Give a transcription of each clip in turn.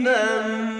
من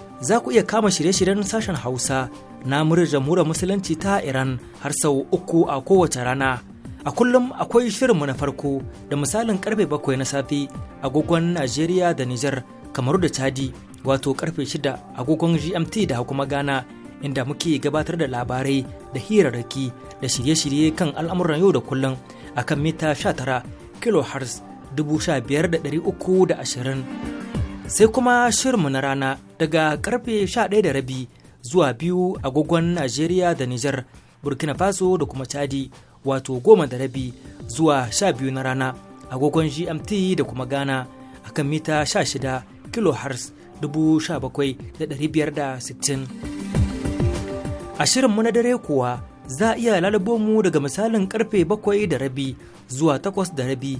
za ku iya kama shirye-shiryen sashen Hausa na murar jamhuriyar Musulunci ta Iran har sau uku a kowace rana. A kullum akwai shirinmu na farko da misalin karfe bakwai na safe agogon Najeriya da Nijar kamar da Chadi wato karfe shida agogon GMT da kuma Ghana inda muke gabatar da labarai da hirarraki da shirye-shirye kan al'amuran yau da kullum akan mita 19 kilohertz 15,320 sai kuma shirinmu na rana daga karfe 11 rabi zuwa biyu agogon Najeriya da Nijar Burkina Faso da kuma Chadi wato goma da rabi zuwa sha biyu na rana agogon GMT da kuma Ghana akan mita 16 kilohertz sittin a shirinmu na dare kuwa za a iya lalabo mu daga misalin karfe bakwai da rabi zuwa takwas da rabi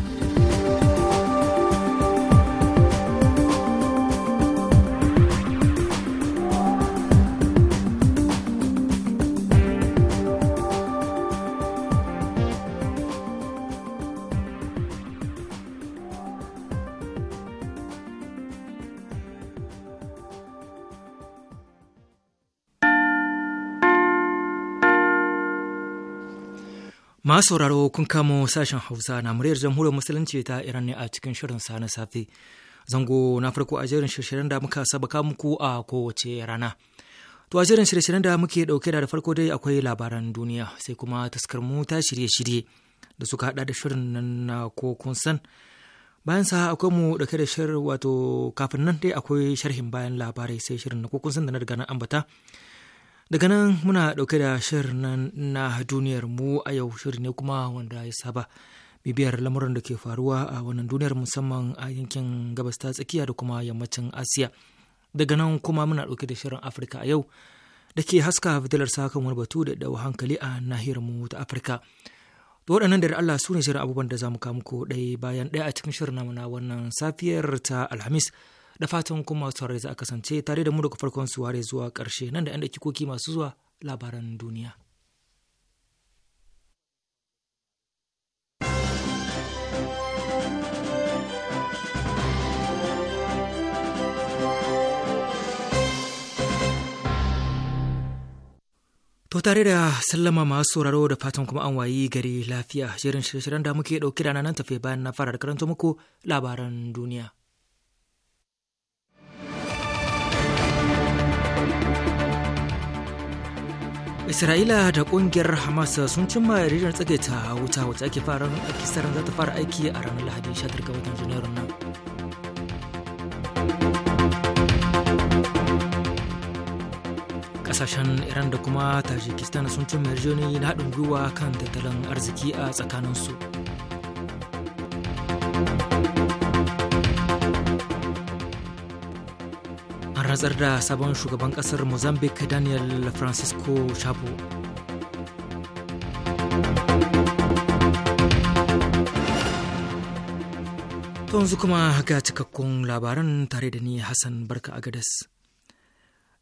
Masu sauraro kun kamo sashen Hausa na muryar jamhuriyar musulunci ta Iran ne a cikin shirin sa na safe. Zango na farko a jerin shirye-shiryen da muka sabaka muku a kowace rana. To a jerin shirye-shiryen da muke dauke da farko dai akwai labaran duniya sai kuma taskar mu ta shirye-shirye da suka hada da shirin nan na ko kun san. Bayan sa akwai mu dauke da shirin wato kafin nan dai akwai sharhin bayan labarai sai shirin na ko kun san da na riga na ambata. Daga nan muna ɗauke da shirin nan na duniyar mu a yau shirin ne kuma wanda ya saba bibiyar lamuran da ke faruwa a wannan duniyar musamman a yankin gabas ta tsakiya da kuma yammacin Asiya. Daga nan kuma muna ɗauke da shirin Afirka a yau da ke haska fitilar sakan wani batu da ɗau hankali a nahiyar mu ta Afirka. To waɗannan da Allah su ne shirin abubuwan da za mu kamu ko ɗaya bayan ɗaya a cikin shirin namu na wannan safiyar ta Alhamis. da fatan kuma masu saurari za a kasance tare da mu daga farkon suware zuwa ƙarshe nan da 'yan dakikoki masu zuwa labaran duniya. To tare da sallama masu sauraro da fatan kuma an wayi gari lafiya shirin shirye da muke ɗauki da nan tafe bayan na fara da karanta muku labaran duniya. isra'ila da kungiyar hamas sun cimma yarjejeniyar tsagaita wuta wacce ake fara a saran za ta fara aiki a ranar lahadi shatar ga watan janairun nan kasashen iran da kuma tajikistan sun cimma yarjejeniyar na haɗin gwiwa kan tattalin arziki a tsakaninsu su rantsar da sabon shugaban kasar mozambique daniel francisco chapo yanzu kuma ga cikakkun labaran tare da ni hassan barka agadas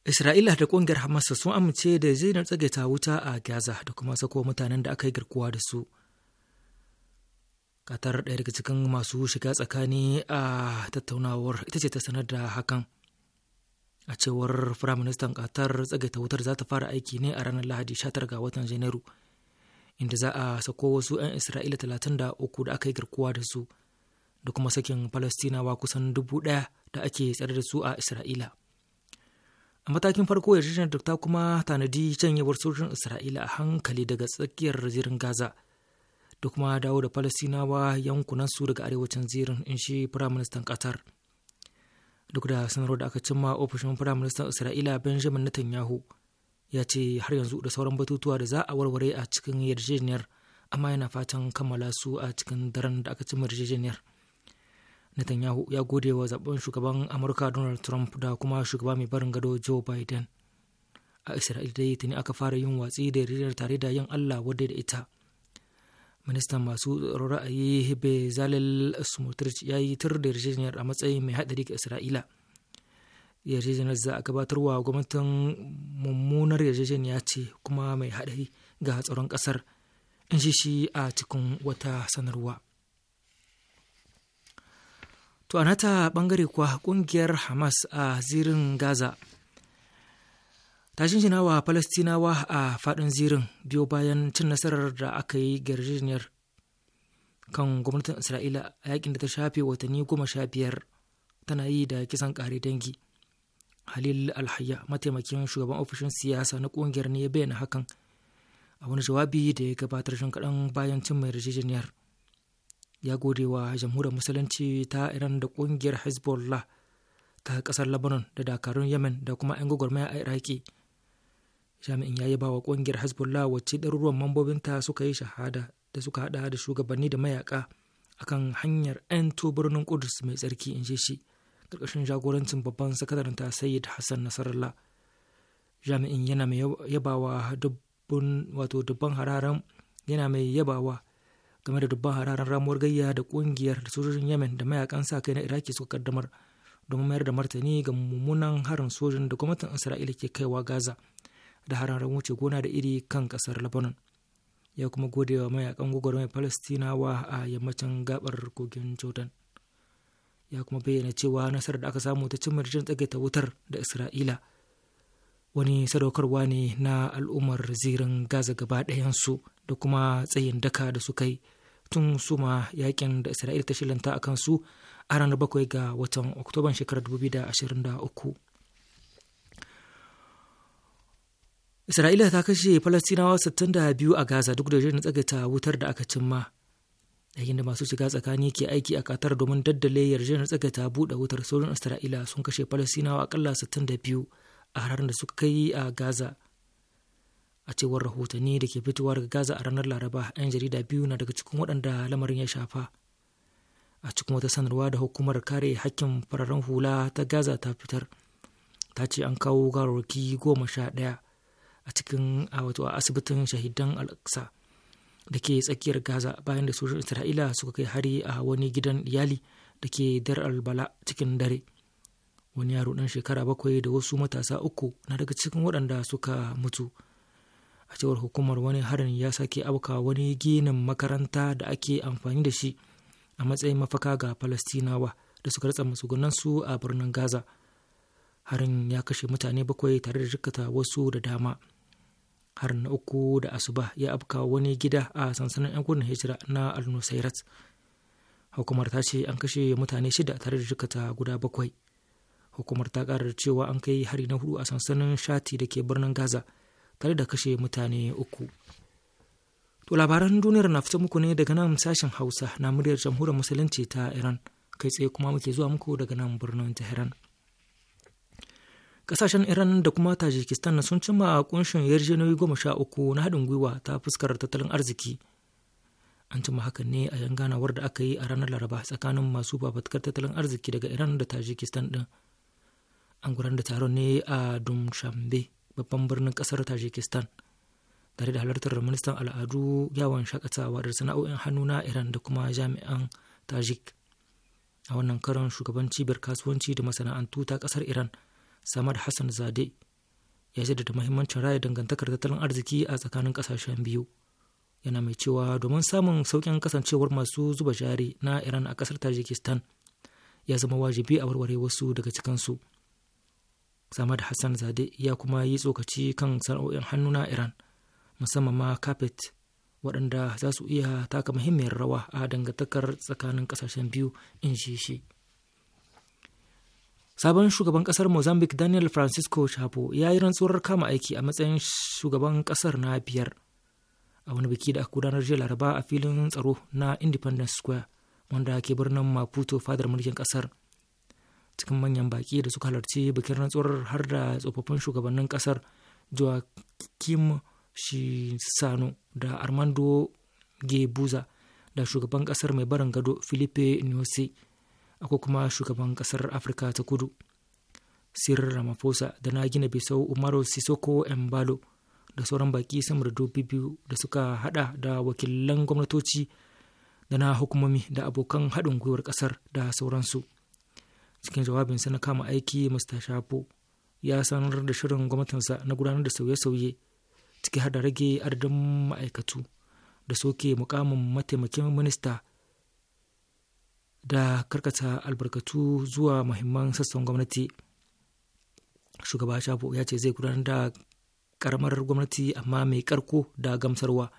isra'ila da kungiyar hamas sun amince da zinar tsagaita wuta a gaza da kuma sako mutanen da aka yi garkuwa da su katar ɗaya daga cikin masu shiga tsakani a tattaunawar ita ce ta sanar da hakan a cewar firaministan katar tsagaita wutar za ta fara aiki ne a ranar lahadi 19 ga watan janairu inda za a sako wasu 'yan isra'ila 33 da aka yi garkuwa da su da kuma sakin falastinawa kusan dubu ɗaya da ake tsare da su a isra'ila a matakin farko yarjejeniyar ta kuma tanadi canyewar sojin isra'ila a hankali daga tsakiyar zirin gaza da kuma dawo da falastinawa yankunansu daga arewacin zirin in shi firaministan qatar duk da sanarwar da aka cimma ofishin firaministan isra'ila benjamin netanyahu ya ce har yanzu da sauran batutuwa da za a warware a cikin yarjejeniyar amma yana fatan kammala su a cikin daren da aka cimma yarjejeniyar netanyahu ya gode wa zaben shugaban amurka donald trump da kuma shugaba mai barin gado joe biden a isra'ila dai tuni aka fara yin watsi da yarjejeniyar tare da yin allah wadda da ita ministan masu tsaro ra'ayi bezalel smotrich ya yi tur da yarjejeniyar a matsayin mai haɗari ga isra'ila yarjejeniyar za a gabatarwa gwamnatin mummunar yarjejeniya ce kuma mai haɗari ga tsaron ƙasar in shi shi a cikin wata sanarwa to a nata ɓangare kuwa ƙungiyar hamas a zirin gaza tashin jinawa falastinawa a faɗin zirin biyo bayan cin nasarar da aka yi girjiniyar kan gwamnatin isra'ila a yakin da ta shafe watanni goma sha biyar tana yi da kisan ƙare dangi halil alhayya mataimakin shugaban ofishin siyasa na ƙungiyar ne ya bayyana hakan a wani jawabi da ya gabatar shin kaɗan bayan cin mai yarjejeniyar ya gode wa jamhuriyar musulunci ta iran da kungiyar hezbollah ta ƙasar lebanon da dakarun yemen da kuma 'yan gwagwarmaya a iraki jami'in ya yaba wa kungiyar hezbollah wacce ɗaruruwan mambobinta suka yi shahada da suka haɗa da shugabanni da mayaka akan hanyar 'yan birnin kudus mai tsarki in shi ƙarƙashin jagorancin babban sakataren ta sayyid hassan nasarallah jami'in yana mai yabawa dubbun wato dubban hararen yana mai yabawa game da dubban hararen ramuwar gayya da kungiyar sojojin yemen da mayakan sa kai na iraki suka kaddamar domin mayar da martani ga mummunan harin sojin da gwamnatin isra'ila ke kaiwa gaza da hararen wuce gona da iri kan kasar lebanon ya kuma gode wa mayakan gwagwarmaya palestinawa a yammacin gabar kogin jordan ya kuma bayyana cewa nasarar da aka samu ta cimma rijin tsagaita wutar da isra'ila wani sadaukarwa ne na al'ummar zirin gaza gaba ɗayansu da kuma tsayin daka da suka yi tun suma yakin da isra'ila ta shilanta a kansu a ranar bakwai ga watan oktoban shekarar 2023 Isra'ila ta kashe Falastinawa 62 a Gaza duk da jirin tsagaita wutar da aka cimma. Yayin da masu shiga tsakani ke aiki a katar domin daddale yarjejeniyar tsagaita buɗe wutar sojin Isra'ila sun kashe Falastinawa akalla 62 a harin da suka kai a Gaza. A cewar rahotanni da ke fitowa daga Gaza a ranar Laraba, 'yan jarida biyu na daga cikin waɗanda lamarin ya shafa. a cikin wata sanarwa da hukumar kare hakkin fararen hula ta gaza ta fitar ta ce an kawo gawarwaki goma sha ɗaya a cikin a wato a asibitin shahidan al-aqsa da ke tsakiyar gaza bayan da sojojin isra'ila suka kai hari a wani gidan iyali da ke dar albala cikin dare wani yaro dan shekara bakwai da wasu matasa uku na daga cikin waɗanda suka mutu a cewar hukumar wani harin ya sake auka wani ginin makaranta da ake amfani da shi a matsayin mafaka ga falastinawa da suka ratsa matsugunansu a birnin gaza harin ya kashe mutane bakwai tare da jikata wasu da dama har na uku da asuba ya abka wani gida a sansanin 'yan gudun hijira na alnusairat hukumar ta ce an kashe mutane shida tare da jikata guda bakwai hukumar ta ƙara da cewa an kai hari na hudu a sansanin shati da ke birnin gaza tare da kashe mutane uku to labaran duniyar na fita muku ne daga nan sashen hausa na muryar jamhuriyar musulunci ta iran kai tsaye kuma muke zuwa muku daga nan birnin tehran Kasashen Iran da kuma Tajikistan sun cimma a kunshin yarjejeniyoyi goma sha uku na haɗin gwiwa ta fuskar tattalin arziki. An cimma hakan ne a yan ganawar da aka yi a ranar Laraba tsakanin masu fafatkar tattalin arziki daga Iran da Tajikistan din An gudanar da taron ne a Dumshambe, babban birnin kasar Tajikistan, tare da halartar ministan al'adu yawon shakatawa da sana'o'in hannu na Iran da kuma jami'an Tajik. A wannan karon shugaban cibiyar kasuwanci da masana'antu ta kasar Iran. samad hassan zade ya da muhimmancin raya dangantakar tattalin arziki a tsakanin kasashen biyu yana mai cewa domin samun saukin kasancewar masu zuba jari na iran a ƙasar tajikistan ya zama wajibi a warware wasu daga cikinsu samad hassan zade ya kuma yi tsokaci kan sana'o'in hannu na iran musamman ma carpet waɗanda za su iya taka muhimmiyar rawa a dangantakar tsakanin kasashen biyu in shi shi sabon shugaban kasar mozambique daniel francisco chapo ya yi rantsuwar kama aiki a matsayin shugaban kasar na biyar a wani biki da aka gudanar jiya laraba a filin tsaro na independence square wanda ke birnin maputo fadar mulkin kasar cikin manyan baki da suka halarci bikin rantsuwar har da tsofaffin shugabannin kasar joaquim shisano da armando gebuza da shugaban kasar mai barin gado filipe nyusi akwai kuma shugaban kasar afirka ta kudu sir ramaphosa da na gina bisau umaru sisoko embalo da sauran baki sama da dubi biyu da suka hada da wakilan gwamnatoci da na hukumomi da abokan haɗin gwiwar ƙasar da sauransu cikin jawabinsa na kama aiki mr shafo ya sanar da shirin gwamnatinsa na gudanar da sauye-sauye ciki har da rage adadin ma'aikatu da soke mukamin mataimakin minista da karkata albarkatu zuwa muhimman sassan gwamnati shugaba shafo ya ce zai gudanar da karamar gwamnati amma mai karko da gamsarwa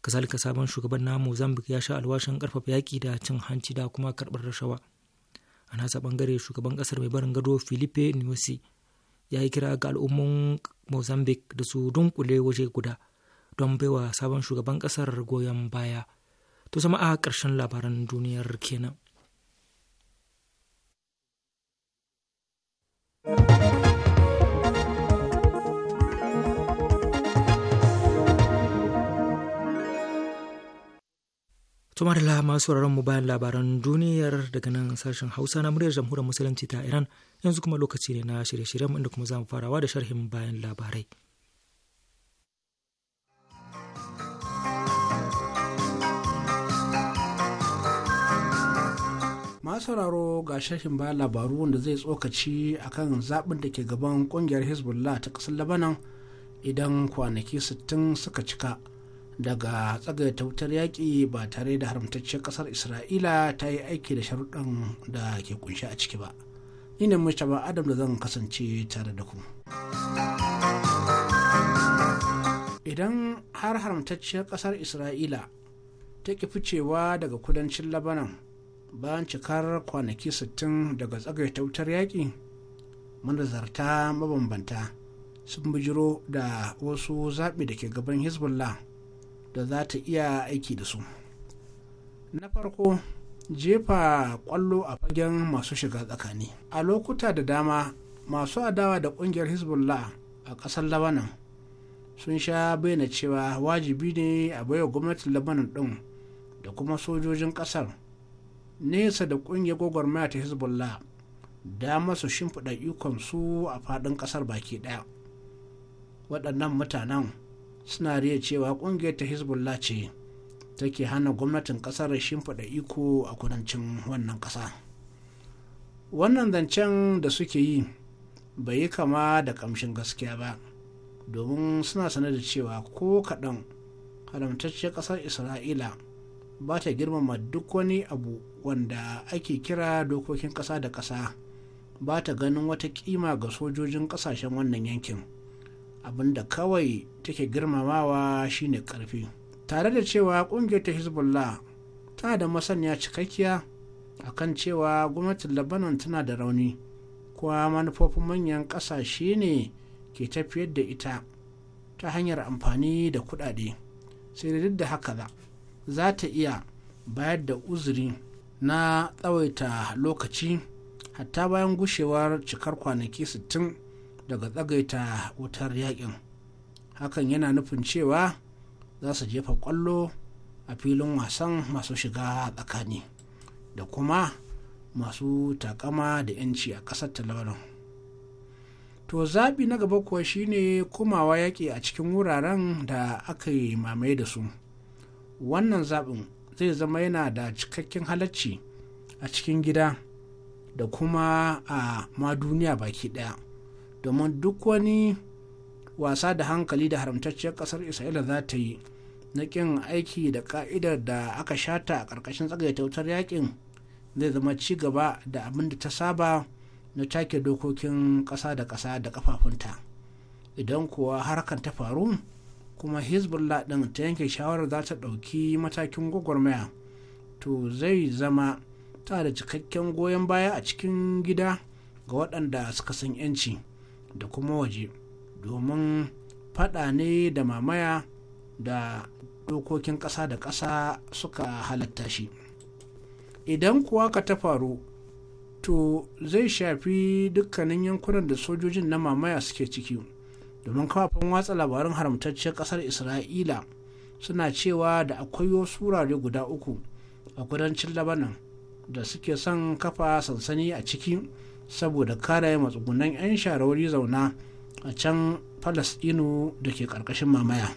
kasalika sabon shugaban na mozambique ya sha alwashin karfafa yaƙi da cin hanci da kuma karbar rashawa a nasa bangare shugaban kasar mai barin gado filipe nyusi ya yi kira ga al'umman mozambique da su dunkule waje guda don baiwa sabon shugaban kasar goyon baya to zama a ƙarshen labaran duniyar kenan. Tumar da masu sauraron mu bayan labaran duniyar daga nan sashen Hausa na muryar jamhuriyar musulunci ta Iran yanzu kuma lokaci ne na shirye-shiryen inda kuma za farawa da sharhin bayan labarai. sauraro ga shashin ba labaru wanda zai tsokaci akan zaɓin da ke gaban ƙungiyar hezbollah ta ƙasar labanan idan kwanaki 60 suka cika daga tsagaita wutar yaƙi ba tare da haramtacciyar ƙasar isra'ila ta yi aiki da sharuɗan da ke kunshi a ciki ba ni ne mustapha adam da zan kasance tare da ku idan har haramtacciyar ƙasar isra'ila ta ki ficewa daga kudancin labanan bayan cikar kwanaki 60 daga tsagai wutar yaƙi manazarta mabambanta sun bijiro da wasu zaɓi da ke gaban hezbollah da za ta iya aiki da su na farko jefa ƙwallo a fagen masu shiga tsakani a lokuta da dama masu adawa da ƙungiyar hezbollah a ƙasar labanan sun sha bayyana cewa wajibi ne a baiwa gwamnatin labanan ɗin da kuma sojojin ƙasar nesa da ƙungiyar gwagwarmaya ta hezbollah dama su shimfiɗa ikonsu a faɗin ƙasar baki ɗaya waɗannan mutanen suna riya cewa ƙungiyar ta hezbollah ce take hana gwamnatin ƙasar shimfiɗa iko a kudancin wannan ƙasa wannan zancen da suke yi bai yi kama da ƙamshin gaskiya ba domin suna sanar da cewa ko kaɗan haramtacciyar ƙasar isra'ila ba ta girmama duk wani abu wanda ake kira dokokin ƙasa da ƙasa ba ta ganin wata kima ga sojojin ƙasashen wannan yankin abin da kawai take girmamawa shine ƙarfi tare da cewa ƙungiyar ta hezbollah tana da masaniya cikakkiya a kan cewa gwamnatin labanon tana da rauni kuma manufofin manyan ƙasashe ne ke tafiyar da ita ta hanyar amfani da kuɗaɗe sai da duk da haka za ta iya bayar da uzuri na tsawaita lokaci hatta bayan gushewar cikar kwanaki 60 daga tsagaita wutar yakin hakan yana nufin cewa za su jefa kwallo a filin wasan masu shiga tsakani da kuma masu takama da 'yanci a ƙasar talabarin to zaɓi na gaba kuwa shine kumawa yaƙi a cikin wuraren da aka yi mamaye da su wannan zaɓin zai zama yana da cikakken halacci a cikin gida da kuma a ma duniya baki ɗaya domin duk wani wasa da hankali da haramtacciyar ƙasar isra'ila za ta yi na ƙin aiki da ƙa'idar da aka shata a ƙarƙashin tsagaita wutar yakin zai zama ci gaba da abin da ta saba na take dokokin ƙasa da ƙasa da ƙafafunta idan kuwa harkan ta faru kuma hezbollah din ta yanke shawarar za ta ɗauki matakin gwagwarmaya to zai zama ta da cikakken goyon baya a cikin gida ga waɗanda suka san 'yanci da kuma waje domin faɗa ne da mamaya da dokokin ƙasa da ƙasa suka halatta shi idan kuwa ka ta faru to zai shafi dukkanin yankunan da sojojin na mamaya suke ciki domin kafafen watsa labaran haramtacciyar kasar isra'ila suna cewa da akwai wasu wurare guda uku a kudancin labanan da suke son kafa sansani a ciki saboda kare matsugunan 'yan sharawari zauna a can falasɗinu da ke ƙarƙashin mamaya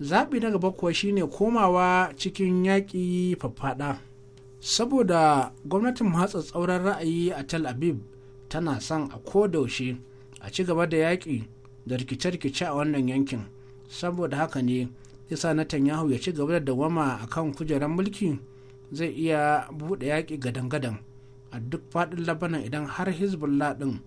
zaɓi na gaba kuwa shine komawa cikin yaƙi faffaɗa saboda gwamnatin tsauran ra'ayi a tel aviv tana son a kodaushe a ci gaba da yaƙi da rikice-rikice a wannan yankin saboda haka ne na Netanyahu ya ci gaba da dawama a kan kujerar mulki zai iya buɗe yaƙi gadan-gadan a duk faɗin labanan idan har hezbollah ɗin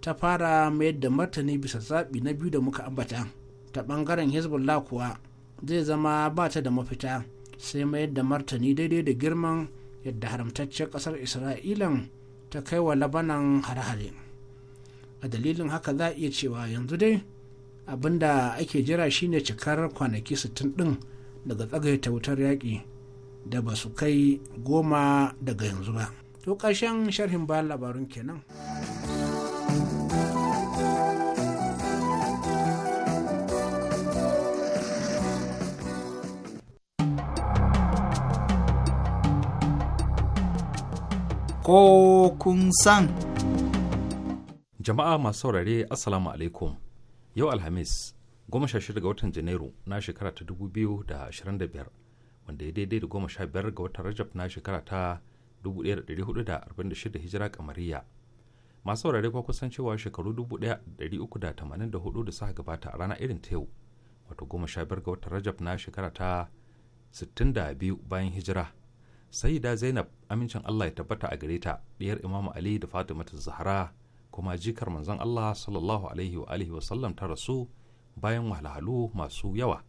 ta fara mayar da martani bisa zaɓi na biyu da muka ambata ta ɓangaren hezbollah kuwa zai zama ba ta da mafita sai mayar da martani daidai da girman yadda haramtaccen ƙasar isra'ilan ta kai wa labanan hare-hare a dalilin haka za a iya cewa yanzu dai abin da ake jira shine cikar kwanaki 60 ɗin daga tsagaita wutar yaƙi da ba su kai goma daga yanzu ba to ƙarshen sharhin bayan labarun kenan. ko kun san. jama'a masu saurare assalamu alaikum yau alhamis goma sha shida ga watan janairu na shekara ta dubu biyu da ashirin da biyar wanda ya daidai da goma sha biyar ga watan rajab na shekara ta dubu ɗaya da ɗari hudu da arba'in da shida hijira kamariya masu saurare kwa kusan cewa shekaru dubu ɗaya da ɗari uku da tamanin da hudu da suka gabata a rana irin ta yau wato goma sha biyar ga watan rajab na shekara ta sittin da biyu bayan hijira sayyida zainab amincin allah ya tabbata a gare ta ɗiyar imamu ali da Fatima zahra kuma jikar manzon Allah sallallahu alaihi wa alihi wa sallam ta rasu bayan wahalhalu masu yawa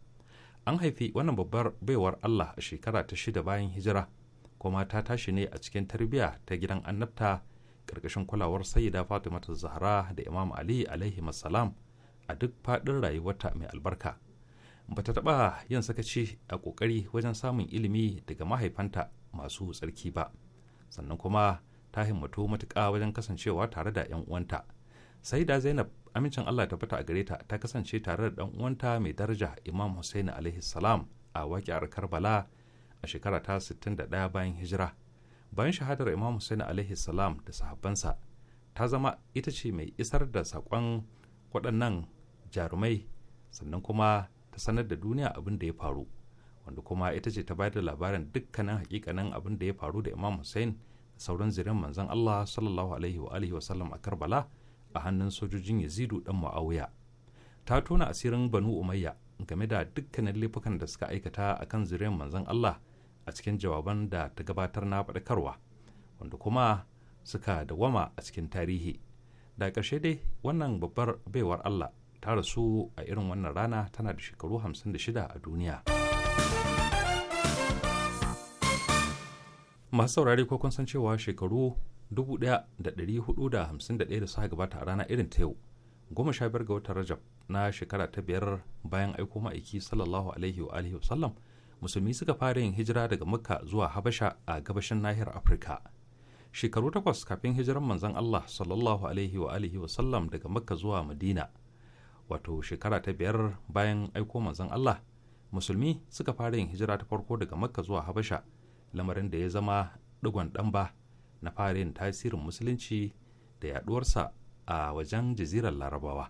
an haifi wannan babbar baiwar Allah a shekara ta shida bayan hijira kuma ta tashi ne a cikin tarbiyya ta gidan annabta karkashin kulawar sayyida Fatimatu Zahra da Imam Ali alaihi salam a duk fadin rayuwarta mai albarka bata taɓa yin sakaci a ƙoƙari wajen samun ilimi daga mahaifanta masu tsarki ba sannan kuma ta himmatu matuƙa wajen kasancewa tare da 'yan uwanta sai da zainab amincin allah ta fita a gare ta ta kasance tare da ɗan uwanta mai daraja imam hussein alaihi salam a waƙiyar karbala a shekara ta ɗaya bayan hijira bayan shahadar imam hussein alaihi salam da sahabbansa ta zama ita ce mai isar da saƙon waɗannan jarumai sannan kuma ta sanar da duniya abin da ya faru wanda kuma ita ce ta bayar da labarin dukkanin hakikanin abin da ya faru da imam hussein sauran zirin manzon Allah sallallahu alaihi wa alihi a Karbala a hannun sojojin Yazidu dan Muawiya ta tona asirin Banu Umayya game da dukkanin laifukan da suka aikata a kan zuriyar manzon Allah a cikin jawaban da ta gabatar na faɗakarwa wanda kuma suka dawama a cikin tarihi da ƙarshe dai wannan babbar baiwar Allah ta rasu a irin wannan rana tana da shekaru hamsin da shida a duniya. masu saurari ko kun san cewa shekaru 1451 da suka gabata a rana irin ta yau goma sha biyar ga watan rajab na shekara ta biyar bayan aiko ma'aiki sallallahu alaihi wa alihi wasallam musulmi suka fara yin hijira daga makka zuwa habasha a gabashin nahiyar afirka shekaru takwas kafin hijiran manzon allah sallallahu alaihi wa alihi wasallam daga makka zuwa madina wato shekara ta biyar bayan aiko manzon allah musulmi suka fara yin hijira ta farko daga makka zuwa habasha lamarin da ya zama digon ɗamba ba na farin tasirin musulunci da yaduwarsa a wajen jazirar larabawa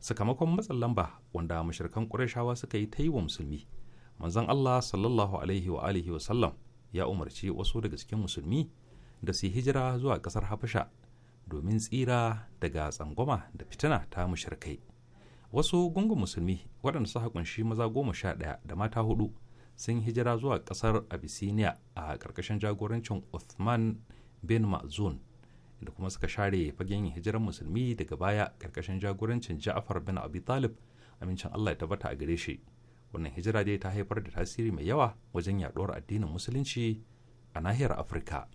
sakamakon matsin lamba wanda mashirkan ƙurashawa suka yi ta yi wa musulmi manzon allah sallallahu alaihi wa alihi wa sallam ya umarci wasu daga cikin musulmi da su hijira zuwa ƙasar habasha domin tsira daga tsangwama da fitina ta mashirkai wasu gungun musulmi waɗanda suka kunshi maza goma sha ɗaya da mata hudu sun hijira zuwa kasar Abyssinia a karkashin jagorancin Uthman bin Mazun da kuma suka share fagen hijiran musulmi daga baya karkashin jagorancin Ja'far bin Abi Talib amincin Allah ya tabbata a gare shi. Wannan hijira dai ta haifar da tasiri mai yawa wajen yaɗuwar addinin musulunci a nahiyar Afirka.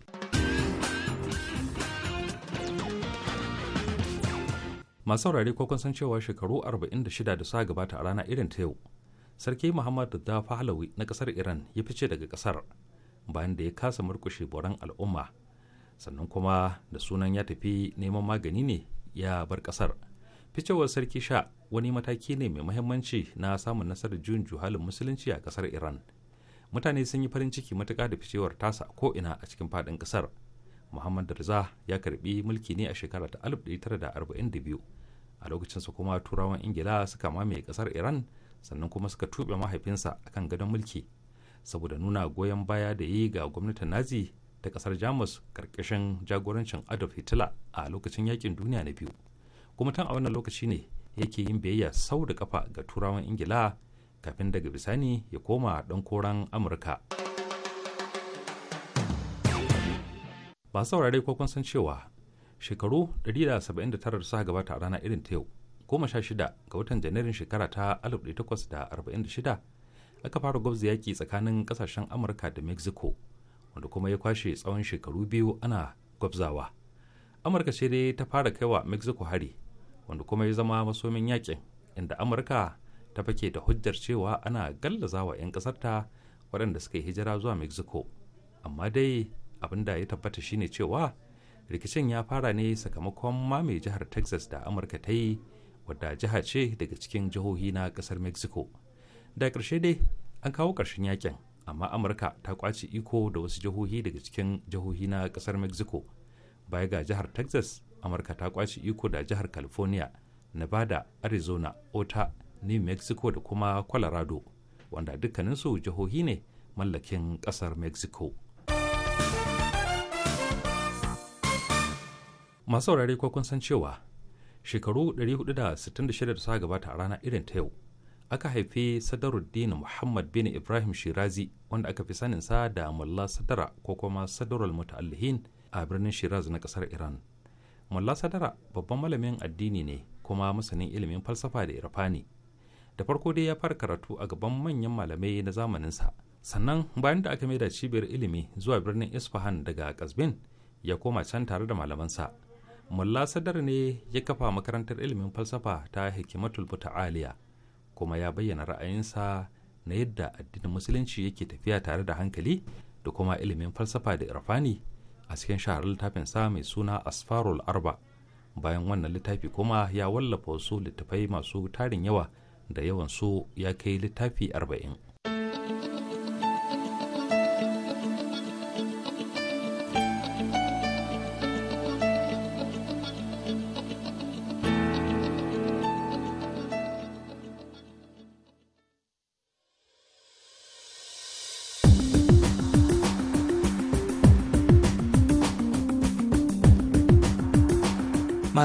Masu saurare ko kun san cewa shekaru 46 da sa gabata a rana irin ta yau sarki muhammad da pahlawi na kasar iran ya fice daga kasar bayan da ya kasa murkushe boran al'umma sannan kuma da sunan ya tafi neman magani ne ya bar kasar ficewar sarki sha wani mataki ne mai mahimmanci na samun nasarar juyin juhalin musulunci a kasar iran mutane sun yi farin ciki matuka da ficewar tasa ko'ina a cikin faɗin kasar muhammad Darza ya karbi mulki ne a shekara ta 1942 a lokacinsa kuma turawan ingila suka mamaye kasar iran sannan kuma suka tuɓe mahaifinsa kan gadon mulki saboda nuna goyon baya da yi ga gwamnatin nazi ta kasar jamus karkashin jagorancin adolf hitler a lokacin yakin duniya na biyu kuma tun a wannan lokaci ne yake yin biyayya sau da kafa ga turawan ingila kafin daga bisani ya koma ɗan koran amurka ba saurare ko san cewa shekaru 179 da suka gabata a rana irin ta yau sha shida ga watan janairun shekara ta 1846 aka fara gwabza yaƙi tsakanin ƙasashen amurka da mexico wanda kuma ya kwashe tsawon shekaru biyu ana gwabzawa amurka ce dai ta fara kai wa mexico hari wanda kuma ya zama masomin yakin inda amurka ta fake da hujjar cewa ana gallazawa 'yan ƙasarta waɗanda suka yi hijira zuwa mexico amma dai abin da ya tabbata shine cewa rikicin ya fara ne sakamakon mamaye jihar texas da amurka ta yi wadda jiha ce daga cikin jihohi na kasar mexico da ƙarshe dai an kawo ƙarshen yakin amma amurka ta kwace iko da wasu jihohi daga cikin jihohi na kasar mexico baya ga jihar texas amurka ta kwace iko da jihar california nevada arizona ota new mexico da kuma colorado wanda dukkaninsu jihohi ne mallakin kasar mexico masu saurare kun san cewa shekaru 466 da suka gabata a rana irin ta yau aka haifi sadaruddin muhammad bin ibrahim shirazi wanda aka fi saninsa da mulla sadara ko kuma sadarul muta'allihin a birnin shiraz na kasar iran mulla sadara babban malamin addini ne kuma masanin ilimin falsafa da irfani da farko dai ya fara karatu a gaban manyan malamai na zamaninsa sannan bayan da aka maida cibiyar ilimi zuwa birnin isfahan daga kasbin ya koma can tare da malamansa mulla sadar ne ya kafa makarantar ilimin falsafa ta hikimatul aliya kuma ya bayyana ra'ayinsa na yadda addinin musulunci yake tafiya tare da hankali da kuma ilimin falsafa da irfani a cikin shaharar sa mai suna asfarul arba bayan wannan littafi kuma ya wallafa wasu littafai masu tarin yawa da yawan su ya kai littafi arba'in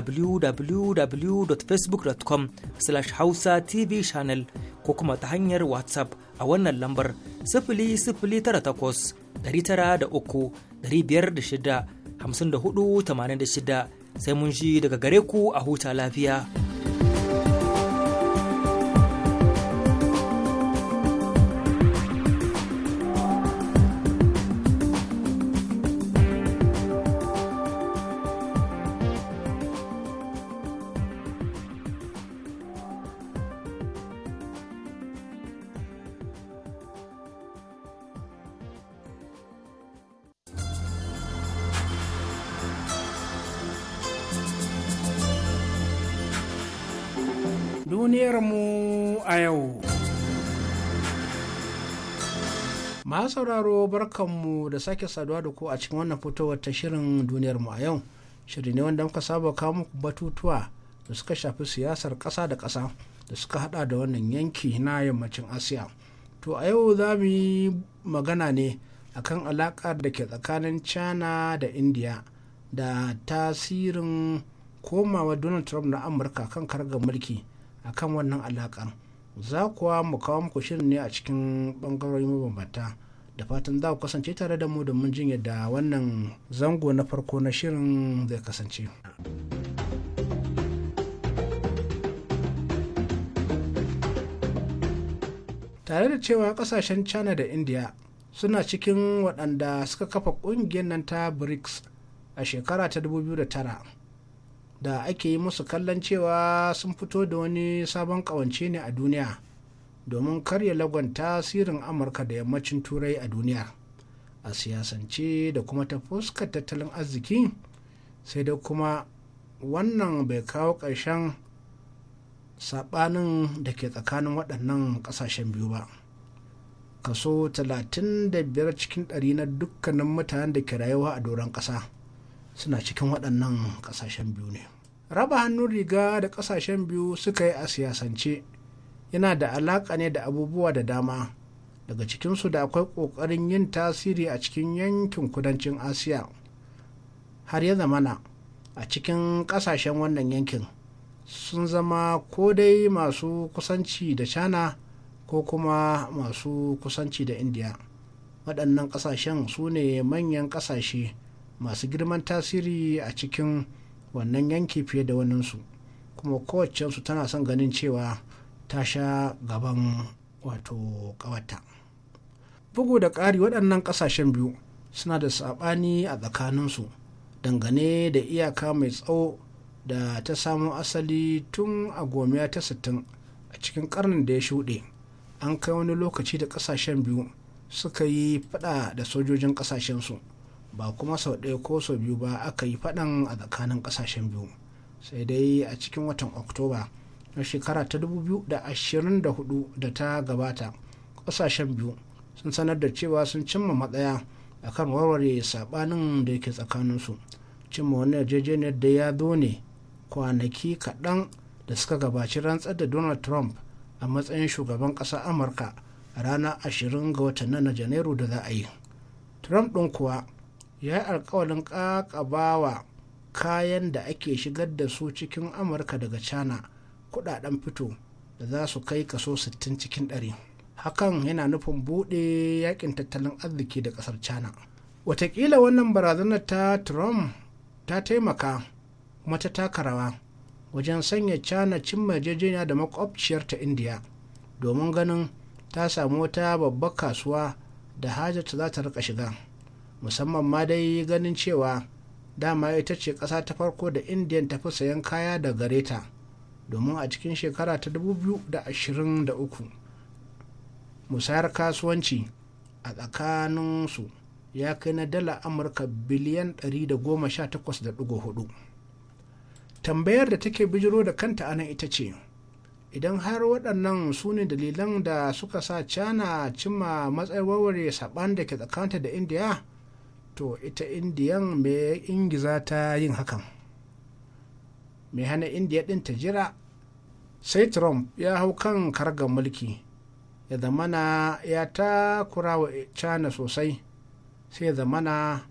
www.facebook.com slash hausa tv channel ko kuma ta hanyar whatsapp a wannan lambar 0098 903 5486 sai mun shi daga gare ku a huta lafiya. a yau. Masu sauraro barkanmu da sake saduwa da ku a cikin wannan fitowar ta shirin duniyar mu a yau. Shiri ne wanda muka saba kawo muku batutuwa da suka shafi siyasar ƙasa da ƙasa da suka hada da wannan yanki na yammacin Asiya. To a yau za mu yi magana ne akan alaƙar da ke tsakanin China da India da tasirin komawa Donald Trump na Amurka kan karga mulki akan wannan alaƙar. za kuwa mu kawo muku shirin ne a cikin bangarori mabambanta da fatan za ku kasance tare da mu domin jin yadda wannan zango na farko na shirin zai kasance. tare da cewa kasashen china da india suna cikin waɗanda suka kafa ƙungiyar nan ta brics a shekara ta 2009 da ake yi musu kallon cewa sun fito da wani sabon kawance ne a duniya domin karya lagon tasirin amurka da yammacin turai a duniya a siyasance da kuma ta fuskar tattalin arziki sai dai kuma wannan bai kawo ƙarshen saɓanin da ke tsakanin waɗannan ƙasashen biyu ba kaso 35 cikin ɗari na dukkanin mutanen da ke rayuwa a doron ƙasa suna cikin waɗannan ƙasashen biyu ne raba hannun riga da kasashen biyu suka yi a siyasance yana da alaƙa ne da abubuwa da dama daga cikinsu da akwai ƙoƙarin yin tasiri a cikin yankin kudancin asiya har ya zamana a cikin ƙasashen wannan yankin sun zama ko dai masu kusanci da china ko kuma masu kusanci da indiya waɗannan ƙasashen su ne manyan ƙasashe masu girman tasiri a cikin wannan yanki fiye da waninsu kuma kowacensu tana son ganin cewa ta sha gaban wato ƙawata bugu da ƙari waɗannan ƙasashen biyu suna da saɓani a tsakaninsu dangane da iyaka mai tsawo da ta samo asali tun a gomiya ta 60 a cikin ƙarnin da ya shuɗe an kai wani lokaci da ƙasashen biyu suka yi faɗa da sojojin ƙasashensu ba kuma sau ɗaya ko sau biyu ba aka yi faɗan a tsakanin ƙasashen biyu sai dai a cikin watan oktoba na shekara ta 2024 da ta gabata ƙasashen biyu sun sanar da cewa sun cimma matsaya a kan warware saɓanin da yake su cimma wani yarjejeniyar da ya zo ne kwanaki kaɗan da suka gabaci rantsar da donald trump a matsayin shugaban ƙasar amurka a ranar 20 ga watan na janairu da za a yi trump ɗin kuwa ya yi alkawalin ƙaƙabawa kayan da ake shigar da su cikin amurka daga china kudaden fito da za su kai kaso 60 cikin 100 hakan yana nufin buɗe yakin tattalin arziki da ƙasar china watakila wannan barazanar ta trump ta taimaka kuma ta taka rawa wajen sanya china cimma yarjejeniya da makwabciyarta india domin ganin ta samu wata babbar kasuwa da hajjata za ta rika shiga. musamman ma dai ganin cewa dama ita ce ƙasa ta farko da indiyan tafi sayan kaya da gare ta domin a cikin shekara ta 2023 musayar kasuwanci a tsakanin su ya kai na dala amurka biliyan 118.4 tambayar da take bijiro da kanta anan ita ce idan har waɗannan su ne dalilan da suka sa cana cimma matsayin warware saɓan da ke tsakanta da indiya to ita indiyan mai ingiza ta yin hakan mai hana indiya din ta jira sai trump ya hau kan kargar mulki ya zamana ya takura wa china sosai sai ya zamana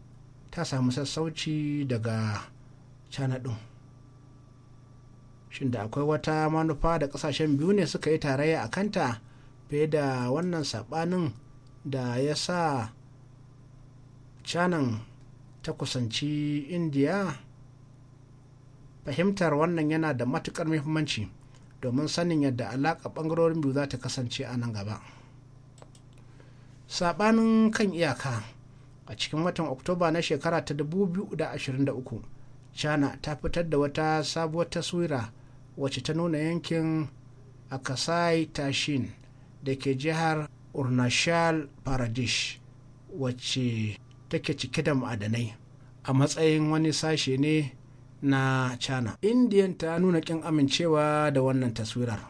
ta samu sassauci daga china din shin da akwai wata manufa da kasashen biyu ne suka yi tarayya a kanta fiye da wannan sabanin da ya sa canan ta kusanci indiya fahimtar wannan yana da matukar muhimmanci domin sanin yadda alaƙa ɓangarorin biyu za ta kasance a nan gaba saɓanin kan iyaka a cikin watan oktoba na shekara ta 2023 china ta fitar da wata sabuwar taswira wacce ta nuna yankin kasai tashin da ke jihar urnashal paradish wacce take cike da ma'adanai a matsayin wani sashe ne na china indiyan ta nuna kin amincewa da wannan taswirar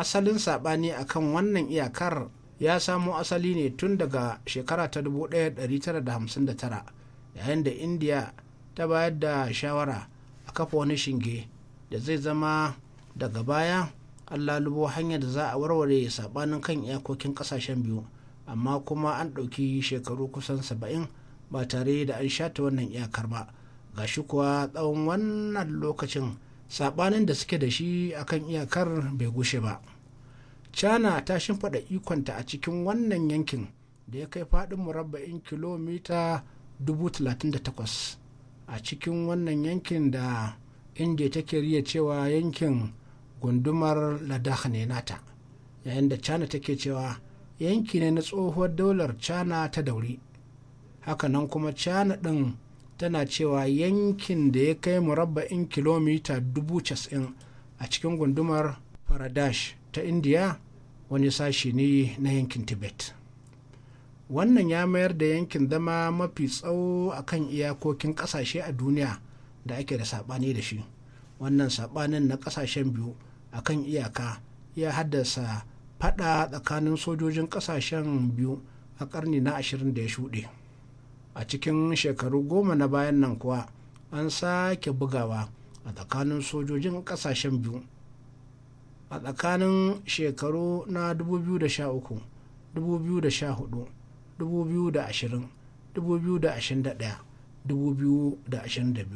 asalin saɓani kan wannan iyakar ya samo asali ne tun daga shekara ta 1959 yayin da indiya ta bayar da shawara a kafa wani shinge da zai zama daga baya an lalubo hanyar da za a warware sabanin kan iyakokin kasashen biyu amma kuma an ɗauki shekaru kusan saba'in ba tare da an shata wannan iyakar ba Ga shi kuwa tsawon wannan lokacin sabanin da suke da shi akan iyakar bai gushe ba china ta shimfiɗa ikonta a cikin wannan yankin da ya kai faɗin murabba'in kilomita 38 a cikin wannan yankin da inda take riya cewa yankin gundumar ladakh ne nata yayin da china take cewa yanki ne na tsohuwar daular china ta dauri hakanan kuma china din tana cewa yankin da ya kai murabba'in kilomita 90,000 a cikin gundumar faradash ta indiya wani sashi ne na yankin tibet wannan ya mayar da yankin zama mafi tsawo a kan iyakokin kasashe a duniya da ake da saɓani da shi wannan saɓanin na kasashen biyu a kan iyaka ya haddasa fada tsakanin sojojin kasashen biyu a karni na ashirin da ya shuɗe a cikin shekaru goma na bayan nan kuwa an sake bugawa a tsakanin sojojin kasashen biyu a tsakanin shekaru na 2013 2014 2020 2021 2022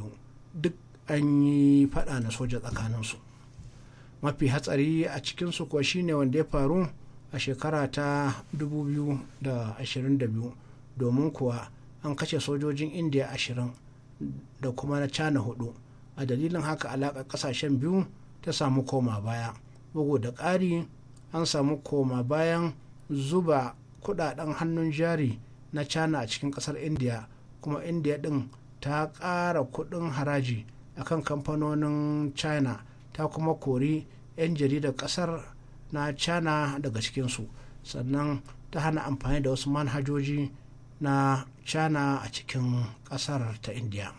duk an yi fada na soja tsakaninsu mafi hatsari a cikinsu kuwa shine wanda ya faru a shekara ta 2022 domin kuwa an kashe sojojin indiya ashirin da kuma na cana hudu a dalilin haka alaƙa ƙasashen biyu ta samu koma baya bugu da ƙari an samu koma bayan zuba kudaden hannun jari na cana a cikin ƙasar indiya kuma indiya ɗin ta ƙara kuɗin haraji akan kamfanonin china ta kuma kori 'yan jaridar kasar na china daga cikinsu sannan ta hana amfani da wasu manhajoji na china a cikin kasar ta india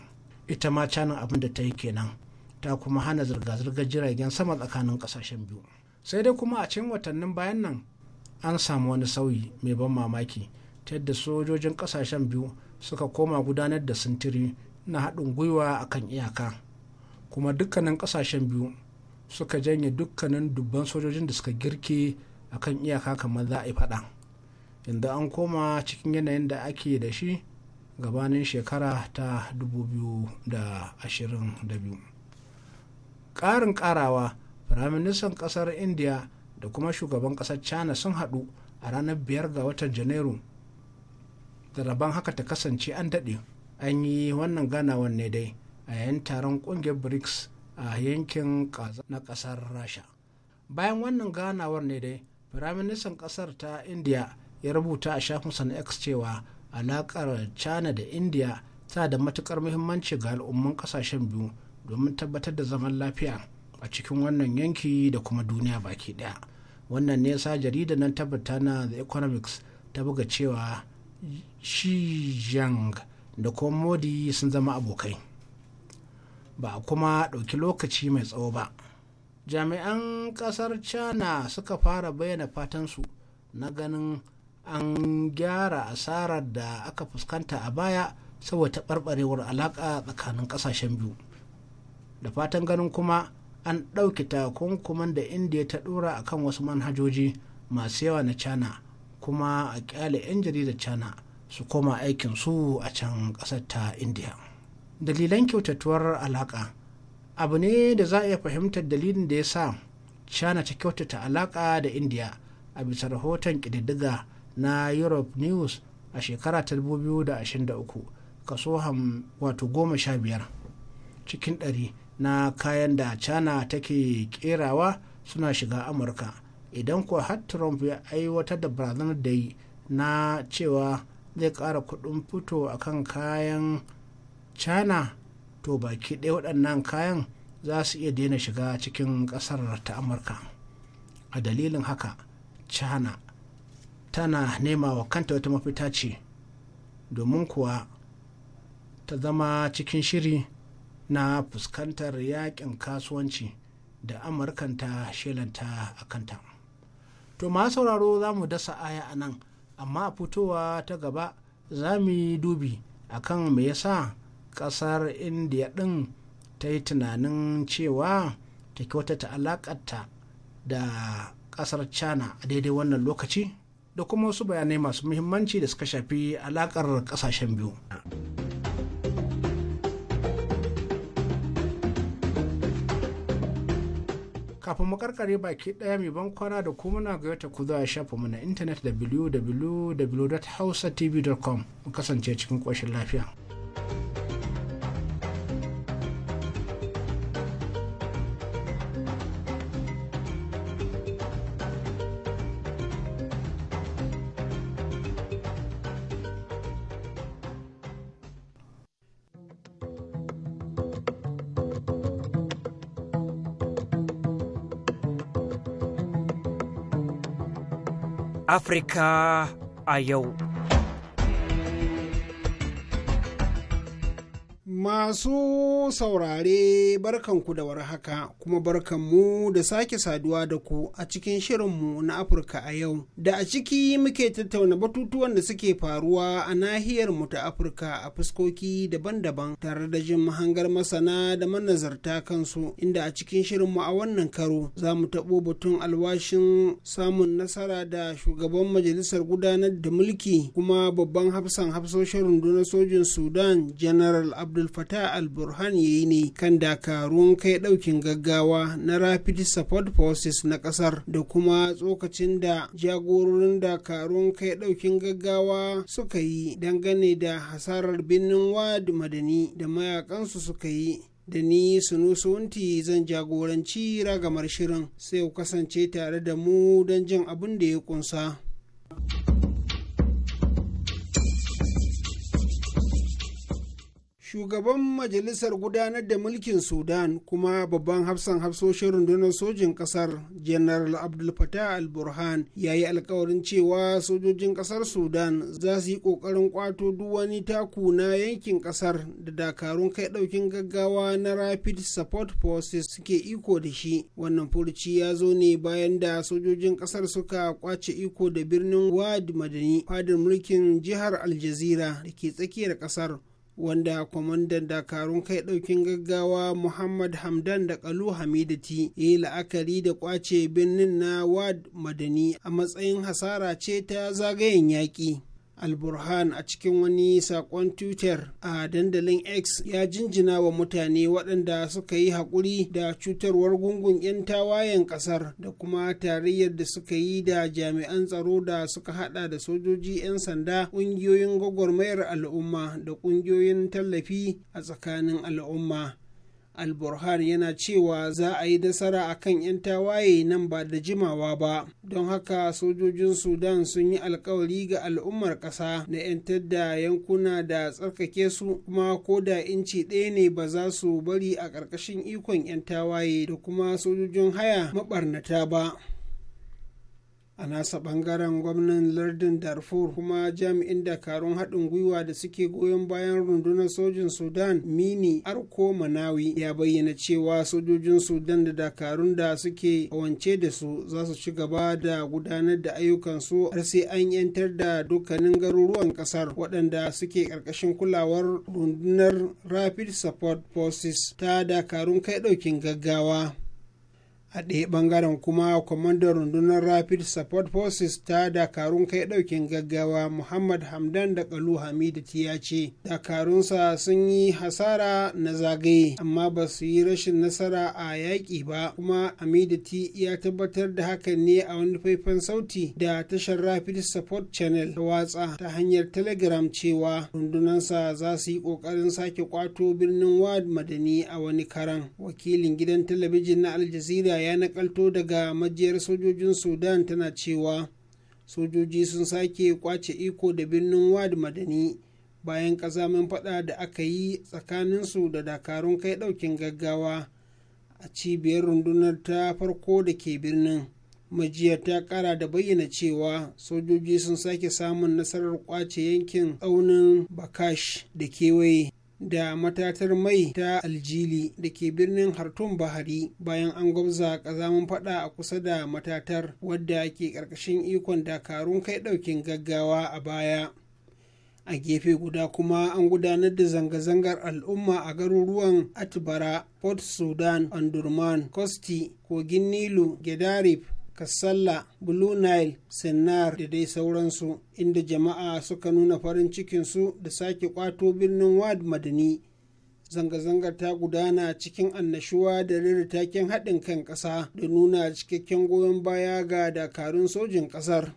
ita ma china abin da ta yi kenan ta kuma hana zirga-zirgar jiragen sama tsakanin kasashen biyu sai dai kuma a cikin watannin bayan nan an samu wani sauyi mai ban mamaki ta yadda sojojin kasashen biyu suka koma gudanar da sintiri na haɗin gwiwa a kan iyaka kuma dukkanin kasashen biyu suka janye dukkanin dubban sojojin da suka girke a kan iyaka kamar za a yi faɗa inda an koma cikin yanayin da ake da shi gabanin shekara ta 2022 ƙarin ƙarawa firaministan ƙasar india da kuma shugaban ƙasar china sun haɗu a ranar 5 ga watan janairu da rabon haka ta kasance an daɗe an yi wannan ganawan ne dai a yayin taron ƙungiyar brics a yankin na kasar rasha bayan wannan ganawar ne dai firaministan kasar ta india ya rubuta a shafin na x cewa alakar china da india ta da matukar muhimmanci ga al'umman kasashen biyu domin tabbatar da zaman lafiya a cikin wannan yanki da kuma duniya baki daya wannan ne sa jarida nan tabbata na the economics ta buga cewa shi da kuma modi sun zama abokai ba kuma ɗauki lokaci mai tsawo ba jami'an ƙasar china suka fara bayyana fatansu na ganin an gyara asarar da aka fuskanta a baya saboda barbarewar alaƙa tsakanin ƙasashen biyu da fatan ganin kuma an ɗauki takunkuman da indiya ta ɗora a kan wasu manhajoji masu yawa na china kuma a ƙyale 'yan jarida china su koma aikinsu a can ƙasar ta indiya dalilan kyautatuwar alaƙa abu ne da za a iya fahimtar dalilin da ya sa china ta kyautata alaƙa da india a bisa rahoton ƙididdiga na europe news a shekara ta 2023 kaso wato goma sha biyar cikin ɗari na kayan da china take kerawa suna shiga amurka idan kuwa har trump ya aiwatar da barazanar da yi na cewa zai ƙara kudin fito akan kayan china to baki ɗaya waɗannan kayan za su iya daina shiga cikin ƙasar ta amurka a dalilin haka china tana nema wa kanta wata mafita ce domin kuwa ta zama cikin shiri na fuskantar yakin kasuwanci da amurkan ta shelanta a kanta to ma sauraro za mu dasa aya a nan amma a fitowa ta gaba za mu yi dubi akan me yasa kasar india din ta yi tunanin cewa ta kyautata alakarta da kasar china a daidai wannan lokaci da kuma wasu bayanai masu muhimmanci da suka shafi alakar kasashen biyu kafin mu karkare baki daya mai ban kwana da kuma na gayyata ku zuwa shafa mu na intanet www.hausatv.com mu kasance cikin koshin lafiya. Africa, a Masu saurare barkanku da warhaka kuma barkanmu da sake saduwa da ku a cikin shirinmu na Afirka a yau. Da a ciki muke tattauna batutuwan da suke faruwa a nahiyar mu ta Afirka a fuskoki daban-daban tare da jin mahangar masana da manazarta kansu inda a cikin shirinmu a wannan karo za mu taɓo batun alwashin samun nasara da shugaban majalisar gudanar da mulki kuma babban hafsan hafsoshin rundunar sojin Sudan General Abdul ta alburhan yayi ya yi ne kan dakarun kai daukin gaggawa na rapid support forces na kasar da kuma tsokacin da jagororin dakarun kai daukin gaggawa suka yi dangane da hasarar birnin wad madani da mayakansu suka yi da ni sunusunti zan jagoranci ragamar shirin sai ku kasance tare da mu don jin abin da ya kunsa. shugaban majalisar gudanar da mulkin sudan kuma babban hafsan hafsoshin rundunar sojin kasar general abdul fatah al-burhan ya yi alkawarin cewa sojojin kasar sudan za su yi kokarin kwato duk wani taku na yankin kasar da dakarun kai daukin gaggawa na rapid support forces suke iko da shi wannan furci ya zo ne bayan da sojojin kasar suka kwace iko da birnin wad madani fadar mulkin jihar aljazira da ke tsakiyar kasar wanda kwamandan dakarun kai daukin gaggawa muhammad hamdan da kalu hamidati ya yi la'akari da kwace birnin na wad madani a matsayin hasara ce ta zagayen yaƙi alburhan a cikin wani saƙon twitter a dandalin x ya jinjina wa mutane waɗanda suka yi haƙuri da cutarwar gungun 'yan tawayen ƙasar da kuma tarayyar da suka yi da jami'an tsaro da suka haɗa da sojoji 'yan sanda ƙungiyoyin gwagwarmayar al'umma da ƙungiyoyin tallafi a tsakanin al'umma alburhar yana cewa za a yi dasara a kan 'yan tawaye nan ba da jimawa ba don haka sojojin sudan sun yi alkawari ga al'ummar ƙasa na 'yantar tadda yankuna da tsarkake su kuma ko da inci ɗaya ne ba za su bari a ƙarƙashin ikon 'yan tawaye da kuma sojojin haya maɓarnata ba a nasa bangaren gwamnan lardin darfur kuma jami'in dakarun haɗin gwiwa da suke goyon bayan rundunar sojin sudan mini arko manawi ya bayyana cewa sojojin sudan da dakarun da suke wance da su za su ci gaba da gudanar da ayyukansu har sai an yantar da dukkanin garuruwan ƙasar waɗanda suke ƙarƙashin kulawar rundunar rapid support forces ta dakarun kai ɗaukin gaggawa a ɗaya ɓangaren kuma kwamandan rundunar rapid support forces ta dakarun kai ɗaukin gaggawa muhammad hamdan da kalu hamidu ya ce dakarunsa sun yi hasara na zagaye amma ba su yi rashin nasara a yaƙi ba kuma hamidu ya tabbatar da hakan ne a wani faifan sauti da tashar rapid support channel ta watsa ta hanyar telegram cewa rundunansa za su yi ƙoƙarin sake kwato birnin wad madani a wani karan wakilin gidan talabijin na aljazeera ya nakalto daga majiyar sojojin sudan tana cewa sojoji sun sake kwace iko da birnin wad madani bayan kazamin fada da aka yi tsakanin su da dakarun kai daukin gaggawa a cibiyar rundunar ta farko da ke birnin majiyar ta kara da bayyana cewa sojoji sun sake samun nasarar kwace yankin tsaunin bakash da kewaye da matatar mai ta aljili da ke birnin hartun bahari bayan an gwabza kazamin fada a kusa da matatar wadda ke karkashin ikon dakarun kai daukin gaggawa a baya a gefe guda kuma an gudanar da zanga-zangar al'umma a garuruwan atbara port sudan andurman kosti kogin nilu gedarif kasalla blue nile sennar da dai sauransu inda jama'a suka nuna farin cikinsu da sake kwato birnin wad madani zanga-zangar ta gudana cikin annashuwa da rere taken haɗin kan ƙasa da nuna cikakken goyon baya ga dakarun sojin ƙasar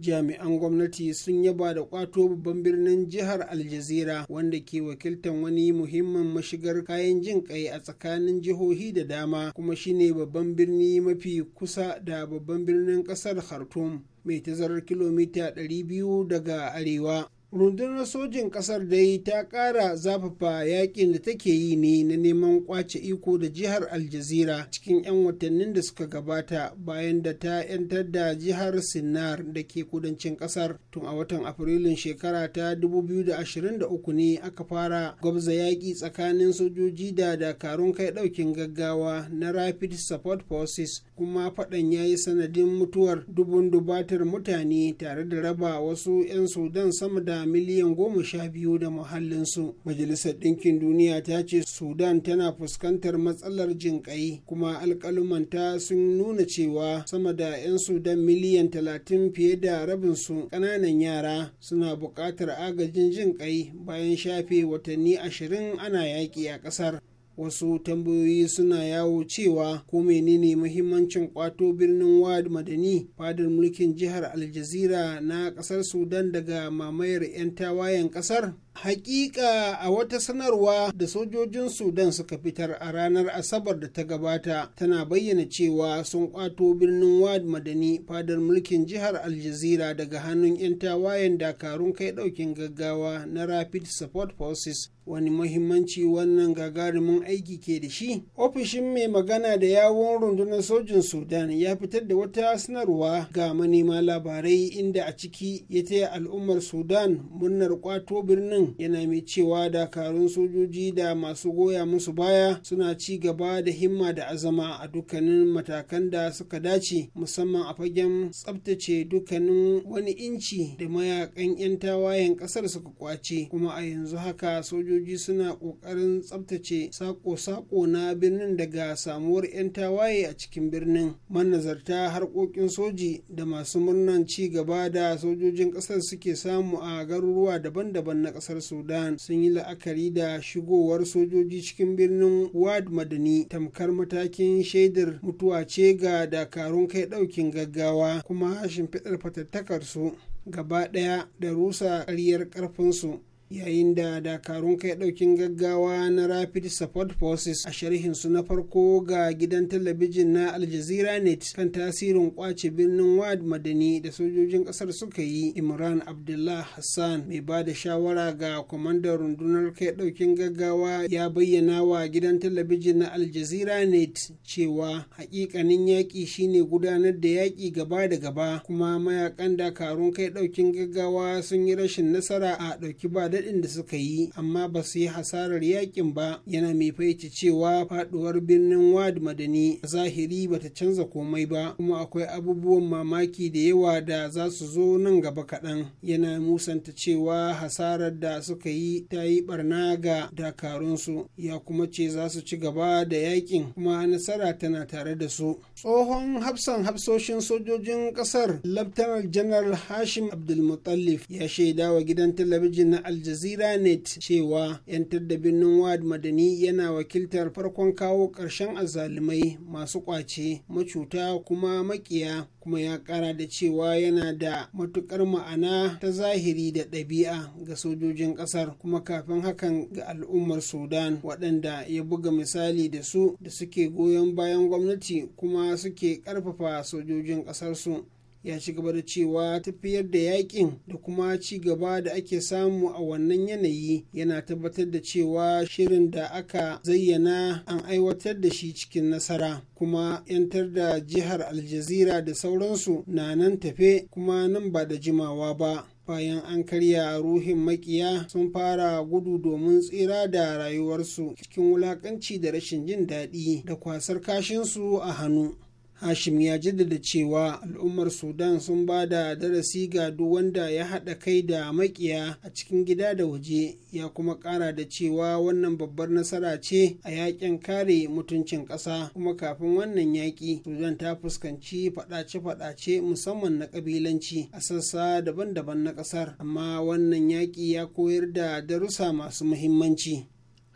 jami'an gwamnati sun yaba da kwato babban birnin jihar aljazira wanda ke wakiltan wani muhimmin mashigar kayan jin kai a tsakanin jihohi da dama kuma shine babban birni mafi kusa da babban birnin kasar khartoum mai tazarar kilomita 200 daga arewa rundunar sojin kasar dai ta kara zafafa yakin da take yi ne na neman kwace iko da jihar aljazira cikin 'yan watannin da suka gabata bayan da ta 'yantar da jihar sinnar da ke kudancin kasar tun a watan afrilun shekara ta 2023 ne aka fara gwabza yaƙi tsakanin sojoji da dakarun kai ɗaukin gaggawa na rapid support forces kuma faɗan ya yi sanadin mutuwar dubun dubatar mutane tare da raba wasu 'yan sudan sama da miliyan goma sha biyu da muhallinsu majalisar ɗinkin duniya ta ce sudan tana fuskantar matsalar jinƙai kuma alƙalumanta sun nuna cewa sama da 'yan sudan miliyan talatin fiye da rabinsu ƙananan yara suna buƙatar agajin jinƙai bayan shafe watanni ashirin ana yaƙi a ƙasar wasu tambayoyi suna yawo cewa ko menene muhimmancin kwato birnin wad madani fadar mulkin jihar aljazira na kasar sudan daga mamayar 'yan tawayen kasar Hakika a wata sanarwa da sojojin Sudan suka fitar a ranar Asabar da ta gabata tana bayyana cewa sun kwato birnin Wad Madani fadar mulkin jihar Aljazira daga hannun 'yan tawayen dakarun kai daukin gaggawa na Rapid Support Forces wani mahimmanci wannan gagarumin aiki ke da shi ofishin mai magana da yawon rundunar sojin sudan ya fitar da wata sanarwa ga manema labarai inda a ciki ya taya al'ummar sudan murnar kwato birnin yana mai cewa dakarun sojoji da masu goya musu baya suna ci gaba da himma da azama a dukkanin matakan da suka dace musamman a fagen tsabtace dukkanin wani inci da mayakan 'yan tawayen kasar suka kwace kuma a yanzu haka sojoji suna kokarin tsabtace sako-sako na birnin daga samuwar 'yan tawaye a cikin birnin manazarta harkokin soji da masu murnan ci gaba da sojojin kasar suke samu a garuruwa daban-daban na kasar kasar sudan sun yi la'akari da shigowar sojoji cikin birnin wad madani tamkar matakin shaidar mutuwa ce ga dakarun kai daukin gaggawa kuma shimfiɗar fatattakar su gaba ɗaya da rusa ƙaryar ƙarfinsu yayin da dakarun kai daukin gaggawa na rapid support forces a sharhinsu na farko ga gidan talabijin na aljazeera net kan tasirin kwace birnin wad madani da sojojin kasar suka yi imran abdullah hassan mai ba da shawara ga kwamandan rundunar kai daukin gaggawa ya bayyana wa gidan talabijin na aljazeera net cewa hakikanin yaƙi shine gudanar da yaƙi gaba da gaba kuma mayakan dakarun kai daukin gaggawa sun yi rashin nasara a dauki ba daɗin da suka yi amma ba su yi hasarar yakin ba yana mai faice cewa faduwar birnin wad madani a zahiri ta canza komai ba kuma akwai abubuwan mamaki da yawa da za su zo nan gaba kaɗan yana musanta cewa hasarar da suka yi ta yi barna ga dakarunsu ya kuma ce za su ci gaba da yakin kuma nasara tana tare da su tsohon hafsan hafsoshin sojojin ƙasar laftanar janar hashim abdulmutallif ya shaidawa gidan talabijin na al jazeera net cewa yan da birnin wad madani yana wakiltar farkon kawo ƙarshen azalumai masu ƙwace macuta kuma makiya kuma ya kara da cewa yana da matukar ma'ana ta zahiri da ɗabi'a ga sojojin ƙasar kuma kafin hakan ga al'ummar sudan waɗanda ya buga misali da su da suke goyon bayan gwamnati kuma suke ƙarfafa sojojin ƙasarsu ya ci gaba da cewa tafiyar da yakin da kuma ci gaba da ake samu a wannan yanayi yana tabbatar da cewa shirin da aka zayyana an aiwatar da shi cikin nasara kuma 'yantar da jihar aljazira da sauransu na nan tafe kuma nan ba da jimawa ba bayan an karya ruhin makiya sun fara gudu domin tsira da rayuwarsu cikin wulakanci da rashin jin daɗi da kwasar kashinsu a hannu hashim ya jaddada cewa al'ummar sudan sun ba da darasi ga duk wanda ya haɗa kai da makiya a cikin gida da waje ya kuma ƙara da cewa wannan babbar nasara ce a yakin kare mutuncin ƙasa kuma kafin wannan yaƙi sudan ta fuskanci faɗace-faɗace musamman na ƙabilanci a sassa daban-daban na ƙasar amma wannan yaƙi ya koyar da darussa masu muhimmanci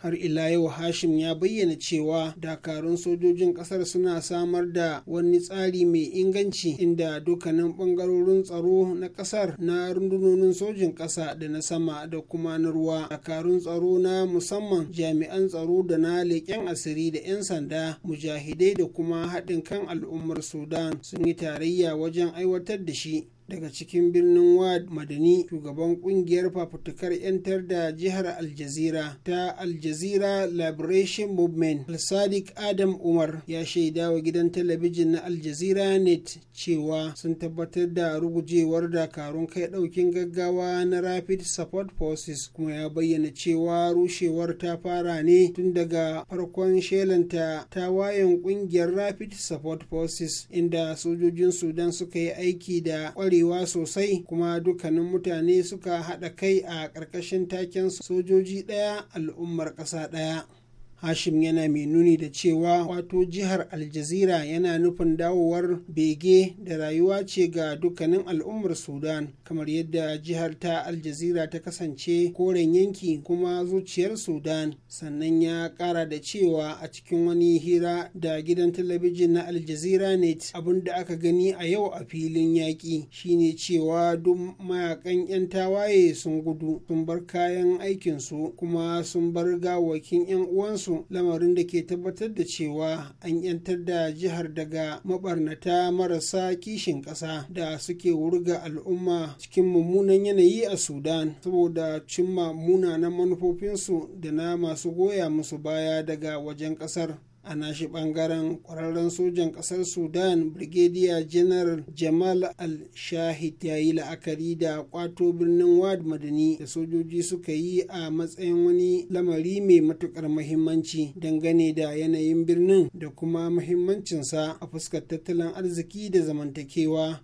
har ila yau hashim ya bayyana cewa dakarun sojojin kasar suna samar da wani tsari mai inganci inda dukkanin bangarorin tsaro na kasar na rundunonin sojin kasa da na sama da kuma na ruwa dakarun tsaro na musamman jami'an tsaro da na leƙen asiri da 'yan sanda mujahidai da kuma haɗin kan al'ummar sudan sun yi tarayya wajen aiwatar da shi daga cikin birnin wad madani shugaban kungiyar fafutukar 'yantar da jihar aljazira ta aljazira liberation movement al-sadiq adam umar ya shaida wa gidan talabijin na aljazira net cewa sun tabbatar da rugujewar dakarun kai daukin gaggawa na rapid support forces kuma ya bayyana cewa rushewar ta fara ne tun daga farkon shelanta ta wayan kungiyar rapid support forces inda sojojin sudan suka yi aiki da kwarewa arewa sosai kuma dukkanin mutane suka haɗa kai a ƙarƙashin taken sojoji ɗaya al'ummar ƙasa ɗaya hashim yana mai nuni da cewa wato jihar aljazira yana nufin dawowar bege da rayuwa ce ga dukkanin al'ummar sudan kamar yadda jihar ta aljazira ta kasance koren yanki kuma zuciyar sudan sannan ya kara da cewa a cikin wani hira da gidan talabijin na aljazira net abin da aka gani a yau a filin yaƙi shine cewa duk mayakan 'yan tawaye sun gudu sun bar kayan aikinsu kuma sun bar gawakin 'yan uwansu su lamarin da ke tabbatar da cewa an yantar da jihar daga mabarnata marasa kishin ƙasa da suke wurga al'umma cikin mummunan yanayi a sudan saboda cimma munanan manufofinsu da na masu goya musu baya daga wajen ƙasar a nashi bangaren kwararren sojan kasar sudan brigadier general jamal al-shahid ya yi la'akari da kwato birnin wad madani da sojoji suka yi a matsayin wani lamari mai matukar mahimmanci dangane da yanayin birnin da kuma mahimmancinsa a fuskar tattalin arziki da zamantakewa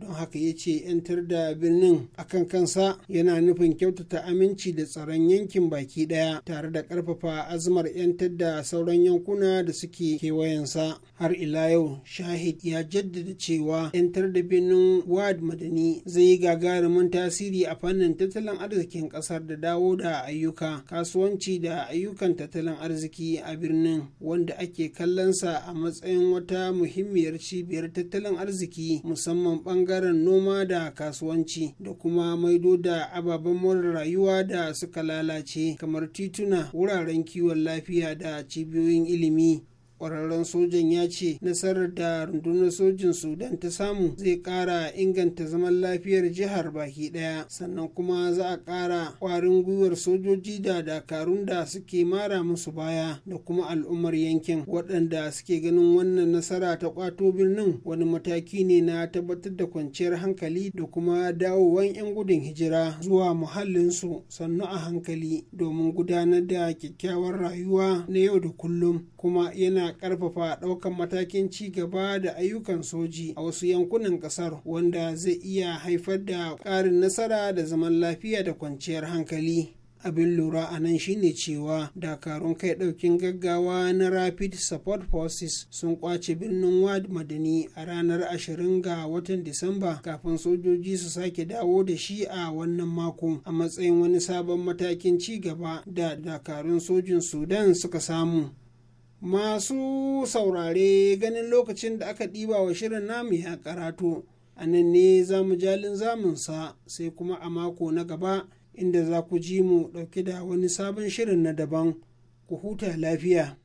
don haka ya ce 'yantar da birnin akan kansa yana nufin kyautata aminci da tsaron yankin baki daya tare da ƙarfafa azumar 'yantar da sauran yankuna da suke kewayensa har ila yau shahid ya jaddada cewa 'yantar da birnin wad madani zai yi gagarumin tasiri a fannin tattalin arzikin kasar da dawo da ayyuka kasuwanci da ayyukan tattalin arziki a birnin wanda ake kallonsa a matsayin wata muhimmiyar cibiyar tattalin arziki musamman bangaren noma da kasuwanci da kuma maido da ababen more rayuwa da suka lalace kamar tituna wuraren kiwon lafiya da cibiyoyin ilimi kwararren sojan ya ce nasarar da rundunar sojin sudan ta samu zai kara inganta zaman lafiyar jihar baki daya sannan kuma za a kara kwarin gwiwar sojoji da dakarun da suke mara musu baya da kuma al'ummar yankin waɗanda suke ganin wannan nasara ta kwato birnin wani mataki ne na tabbatar da kwanciyar hankali da kuma dawowan 'yan gudun hijira zuwa muhallinsu sannu a hankali domin gudanar da kyakkyawar rayuwa na yau da kullum kuma yana karfafa ƙarfafa ɗaukar matakin ci gaba da ayyukan soji a wasu yankunan ƙasar wanda zai iya haifar da ƙarin nasara da zaman lafiya da kwanciyar hankali abin lura a nan shine cewa dakarun kai daukin gaggawa na rapid support forces sun kwace birnin wad madani a ranar 20 ga watan disamba kafin sojoji su sake dawo da shi a wannan mako a matsayin wani sabon matakin ci gaba da dakarun sojin sudan suka samu masu saurare ganin lokacin da aka ɗiba wa shirin namu ya karatu a nan ne za mu jalin zamunsa sai kuma a mako na gaba inda za ku ji mu ɗauke da wani sabon shirin na daban ku huta lafiya.